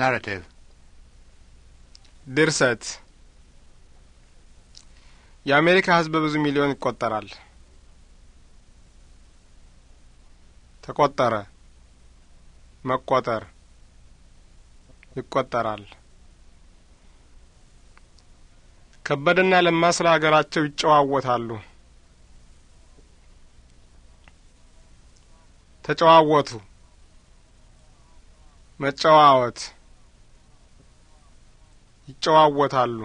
ናራቲቭ ድርሰት የአሜሪካ ህዝብ ብዙ ሚሊዮን ይቆጠራል። ተቆጠረ፣ መቆጠር፣ ይቆጠራል። ከበደና ለማ ስለ ይጨዋወታሉ። ተጨዋወቱ፣ መጨዋወት ይጨዋወታሉ።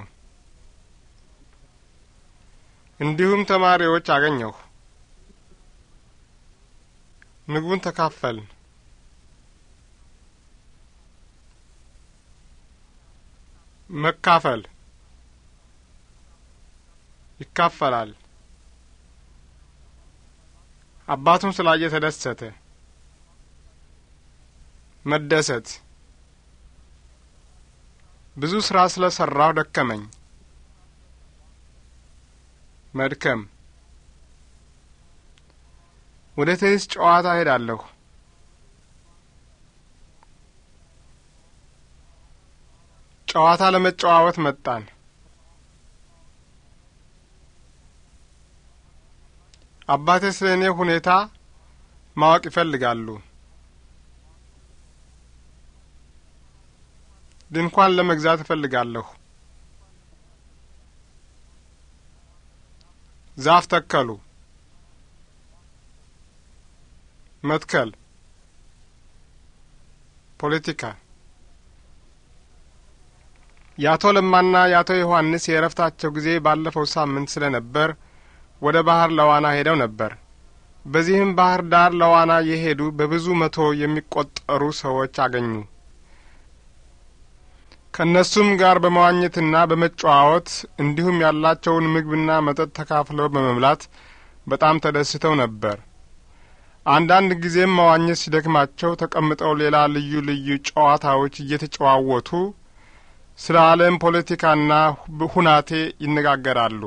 እንዲሁም ተማሪዎች አገኘሁ። ምግቡን ተካፈልን። መካፈል ይካፈላል። አባቱን ስላየ ተደሰተ። መደሰት ብዙ ስራ ስለ ሰራው ደከመኝ። መድከም ወደ ቴኒስ ጨዋታ ሄዳለሁ። ጨዋታ ለመጨዋወት መጣን። አባቴ ስለ እኔ ሁኔታ ማወቅ ይፈልጋሉ። ድንኳን ለመግዛት እፈልጋለሁ። ዛፍ ተከሉ። መትከል ፖለቲካ የአቶ ለማና የአቶ ዮሐንስ የእረፍታቸው ጊዜ ባለፈው ሳምንት ስለ ነበር ወደ ባህር ለዋና ሄደው ነበር። በዚህም ባህር ዳር ለዋና የሄዱ በብዙ መቶ የሚቆጠሩ ሰዎች አገኙ። ከእነሱም ጋር በመዋኘትና በመጨዋወት እንዲሁም ያላቸውን ምግብና መጠጥ ተካፍለው በመብላት በጣም ተደስተው ነበር። አንዳንድ ጊዜም መዋኘት ሲደክማቸው ተቀምጠው ሌላ ልዩ ልዩ ጨዋታዎች እየተጨዋወቱ ስለ ዓለም ፖለቲካና ሁናቴ ይነጋገራሉ።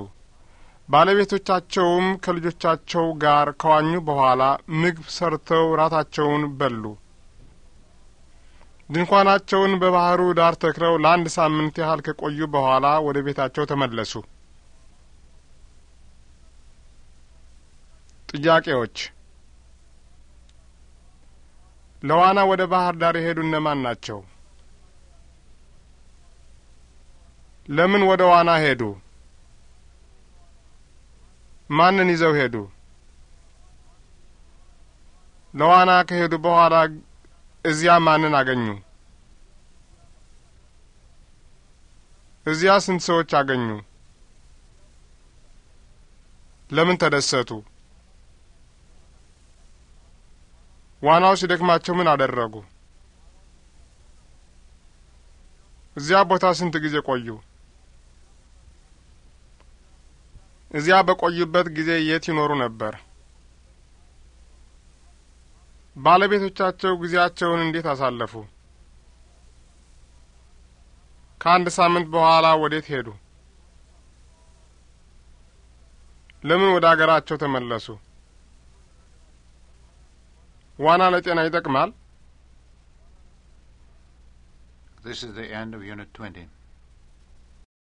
ባለቤቶቻቸውም ከልጆቻቸው ጋር ከዋኙ በኋላ ምግብ ሰርተው ራታቸውን በሉ። ድንኳናቸውን በባህሩ ዳር ተክለው ለአንድ ሳምንት ያህል ከቆዩ በኋላ ወደ ቤታቸው ተመለሱ። ጥያቄዎች ለዋና ወደ ባህር ዳር የሄዱ እነማን ናቸው? ለምን ወደ ዋና ሄዱ? ማንን ይዘው ሄዱ? ለዋና ከሄዱ በኋላ እዚያ ማንን አገኙ? እዚያ ስንት ሰዎች አገኙ? ለምን ተደሰቱ? ዋናው ሲደክማቸው ምን አደረጉ? እዚያ ቦታ ስንት ጊዜ ቆዩ? እዚያ በቆዩበት ጊዜ የት ይኖሩ ነበር? ባለቤቶቻቸው ጊዜያቸውን እንዴት አሳለፉ? ከአንድ ሳምንት በኋላ ወዴት ሄዱ? ለምን ወደ አገራቸው ተመለሱ? ዋና ለጤና ይጠቅማል? This is the end of Unit 20.